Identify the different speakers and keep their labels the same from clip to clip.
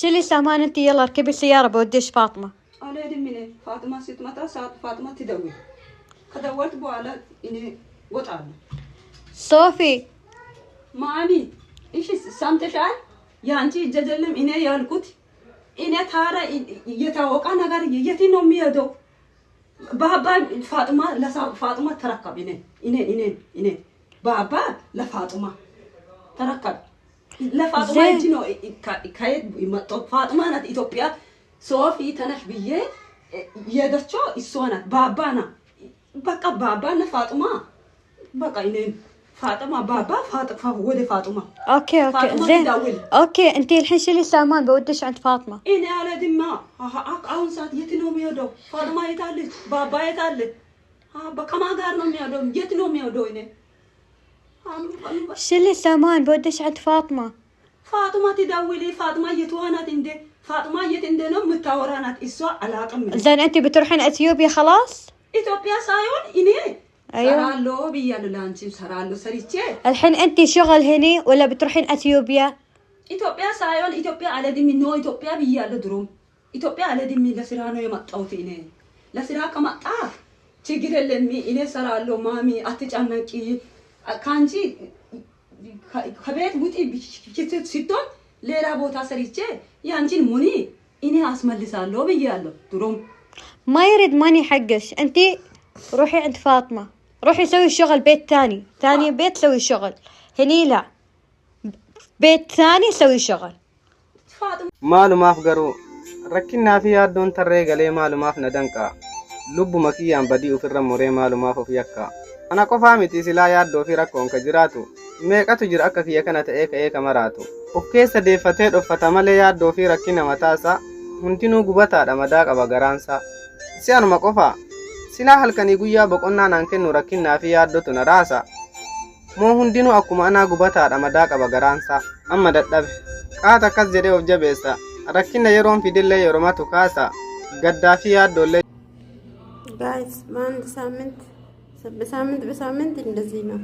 Speaker 1: شيلي سامانتي يلا اركبي السيارة بوديش فاطمة
Speaker 2: أنا يدمني فاطمة ست متى ساعة فاطمة تدوي خدورت بو على إني قطعة
Speaker 1: صوفي
Speaker 2: مامي إيش سامتش عال يانتي جدلم إني يالكوت إني تارا يتوقع نغار يتي نومي يدو بابا فاطمة لسا فاطمة تركب إني إني إني إني بابا لفاطمة تركب لفاطمة يجينو فاطمة أنا إثيوبيا صوفي تنح بيه يدرتشو إسونا بابانا بقى بابانا فاطمة بقى إنين فاطمه بابا فاطمه ولد فاطمه
Speaker 1: اوكي اوكي فاطمة زين اوكي انت الحين شيلي السامان بودش عند فاطمه
Speaker 2: انا على دما اون ساعه يتنوم يودو فاطمه يتالج بابا يتالج ها بقى ما قارنا يودو يتنوم يودو إني
Speaker 1: شلي السامان بودش عند فاطمة
Speaker 2: فاطمة تدوي لي فاطمة يتوانت عندي فاطمة يتندي نوم متاورانات إسوا قمي
Speaker 1: زين أنت بتروحين أثيوبيا خلاص؟
Speaker 2: إثيوبيا سايون إني أيوة سرالو بيالو لانتي سرالو سريتشي
Speaker 1: الحين أنت شغل هني ولا بتروحين أثيوبيا؟
Speaker 2: إثيوبيا سايون إثيوبيا على دي من منو إثيوبيا بيالو دروم إثيوبيا على دي من لسرانو يمطوت إني لسراك مطاف ችግር የለም እኔ ሰራለሁ ማሚ አትጨነቂ
Speaker 1: ما يرد ماني حقش انت روحي عند فاطمة روحي سوي شغل بيت ثاني ثاني بيت سوي شغل هني لا بيت ثاني سوي شغل
Speaker 3: فاطمة مالو ما فقرو ركنا في دون تريقة ليه مالو ما فنا دنقا lubbuma kiyyaan badii ufirra muree maalumaaf of yakka ana qofaa miti silaa yaaddoo fi rakkoon ka jiraatu meeqatu jira akka kiyya kana ta'ee ka'ee ka maraatu of keessa deeffatee dhoffata malee yaaddoo fi rakkina mataasaa hundinuu gubataadha madaa qaba garaansaa si anuma qofa silaa halkanii guyyaa boqonnaan aan kennu rakkinnaa fi yaaddotu na raasa moo hundinuu akkuma anaa gubataadha madaa qaba garaansaa amma dadhabe qaata akkas jedhee of jabeessa rakkinna yeroon fidillee yeromatu kaasa gaddaa fi yaaddoollee
Speaker 1: በአንድ ሳምንት በሳምንት በሳምንት እንደዚህ ነው።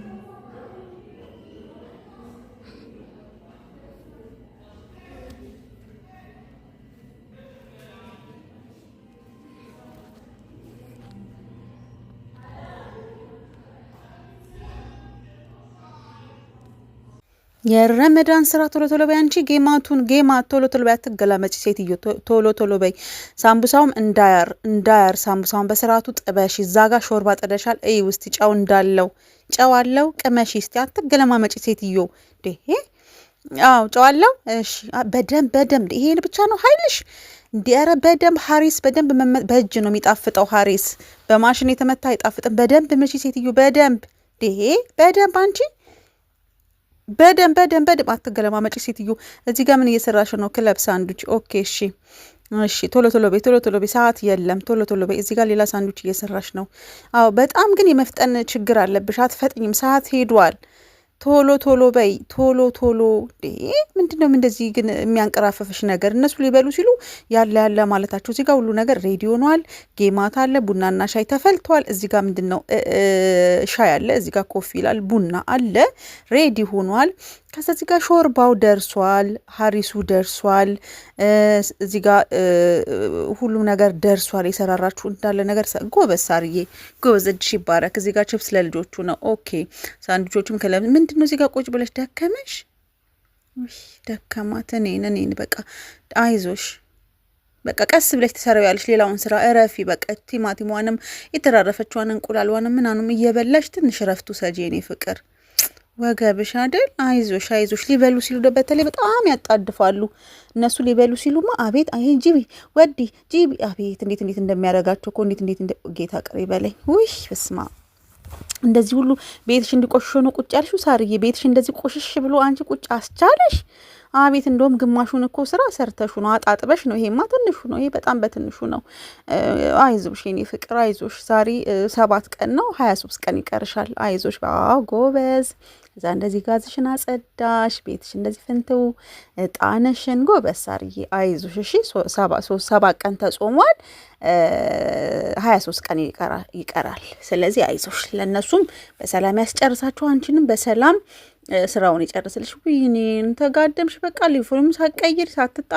Speaker 4: የረመዳን ስራ ቶሎ ቶሎ በይ አንቺ፣ ጌማቱን ጌማ ቶሎ ቶሎ በይ፣ አትገላመጭ ሴትዮ፣ ቶሎ ቶሎ በይ። ሳምቡሳውም እንዳያር እንዳያር፣ ሳምቡሳውን በስርዓቱ ጥበሽ። እዛ ጋ ሾርባ ጥደሻል፣ እይ ውስጥ ጨው እንዳለው ጨው አለው፣ ቅመሽ እስቲ። አትገለማመጭ ሴትዮ። ይሄ አዎ ጨው አለው። እሺ፣ በደንብ በደንብ ይሄን ብቻ ነው ኃይልሽ። ኧረ በደንብ ሀሪስ፣ በደንብ በእጅ ነው የሚጣፍጠው ሀሪስ። በማሽን የተመታ አይጣፍጥም። በደንብ ምሺ ሴትዮ፣ በደንብ ይሄ በደንብ አንቺ በደም በደም በደንብ አትገለማመጪ ሴትዮ። እዚህ ጋር ምን እየሰራሽ ነው? ክለብ ሳንዱች። ኦኬ እሺ እሺ ቶሎ ቶሎ በይ፣ ቶሎ ቶሎ በይ። ሰዓት የለም፣ ቶሎ ቶሎ በይ። እዚህ ጋር ሌላ ሳንዱች እየሰራሽ ነው። አዎ፣ በጣም ግን የመፍጠን ችግር አለብሽ። አትፈጥኝም፣ ሰዓት ሄዷል። ቶሎ ቶሎ በይ ቶሎ ቶሎ ምንድን ነው እንደዚህ ግን የሚያንቀራፈፍሽ ነገር እነሱ ሊበሉ ሲሉ ያለ ያለ ማለታቸው እዚህ ጋር ሁሉ ነገር ሬዲ ነዋል ጌማት አለ ቡናና ሻይ ተፈልተዋል እዚህ ጋር ምንድን ነው ሻይ አለ እዚህ ጋር ኮፊ ይላል ቡና አለ ሬዲ ሆኗል ከዚ እዚህ ጋር ሾርባው ደርሷል፣ ሀሪሱ ደርሷል፣ እዚህ ጋር ሁሉም ነገር ደርሷል። የሰራራችሁ እንዳለ ነገር ጎበዝ ሳርዬ ጎበዝ፣ እጅሽ ይባረክ። እዚህ ጋር ችፕስ ለልጆቹ ነው። ኦኬ ሳንድቾችም ከለ ምንድን ነው እዚህ ጋር ቁጭ ብለሽ ደከመሽ፣ ደከማት፣ እኔን እኔን፣ በቃ አይዞሽ በቃ ቀስ ብለሽ ትሰራያለሽ። ሌላውን ስራ እረፊ። በቃ ቲማቲሟንም የተራረፈችዋን እንቁላልዋንም ምናኑም እየበላሽ ትንሽ እረፍቱ ሰጂ የኔ ፍቅር ወገብሽ አይደል? አይዞሽ አይዞሽ ሊበሉ ሲሉ በተለይ በጣም ያጣድፋሉ። እነሱ ሊበሉ ሲሉማ አቤት አይ ጂቢ ወዲ ጂቢ አቤት እንዴት እንዴት እንደሚያደርጋቸው እኮ እንዴት እንዴት ጌታ ቅር ይበለኝ። ውይ በስማ እንደዚህ ሁሉ ቤትሽ እንዲቆሽሽ ሆኖ ቁጭ ያልሽው ሳርዬ፣ ቤትሽ እንደዚህ ቆሽሽ ብሎ አንቺ ቁጭ አስቻለሽ? አቤት እንደውም ግማሹን እኮ ስራ ሰርተሹ ነው አጣጥበሽ ነው። ይሄማ ትንሹ ነው። ይሄ በጣም በትንሹ ነው። አይዞሽ የኔ ፍቅር አይዞሽ። ዛሬ ሰባት ቀን ነው፣ ሀያ ሶስት ቀን ይቀርሻል። አይዞሽ። አዎ ጎበዝ። እዛ እንደዚህ ጋዝሽን አጸዳሽ፣ ቤትሽ እንደዚህ ፍንትው ጣነሽን። ጎበዝ ሳርዬ አይዞሽ። እሺ ሰባት ቀን ተጾሟል፣ ሀያ ሶስት ቀን ይቀራል። ስለዚህ አይዞሽ። ለእነሱም በሰላም ያስጨርሳቸው፣ አንቺንም በሰላም ስራውን ይጨርስልሽ። ወይኔን ተጋደምሽ። በቃ ሊፎርም ሳቀይር ሳትጣ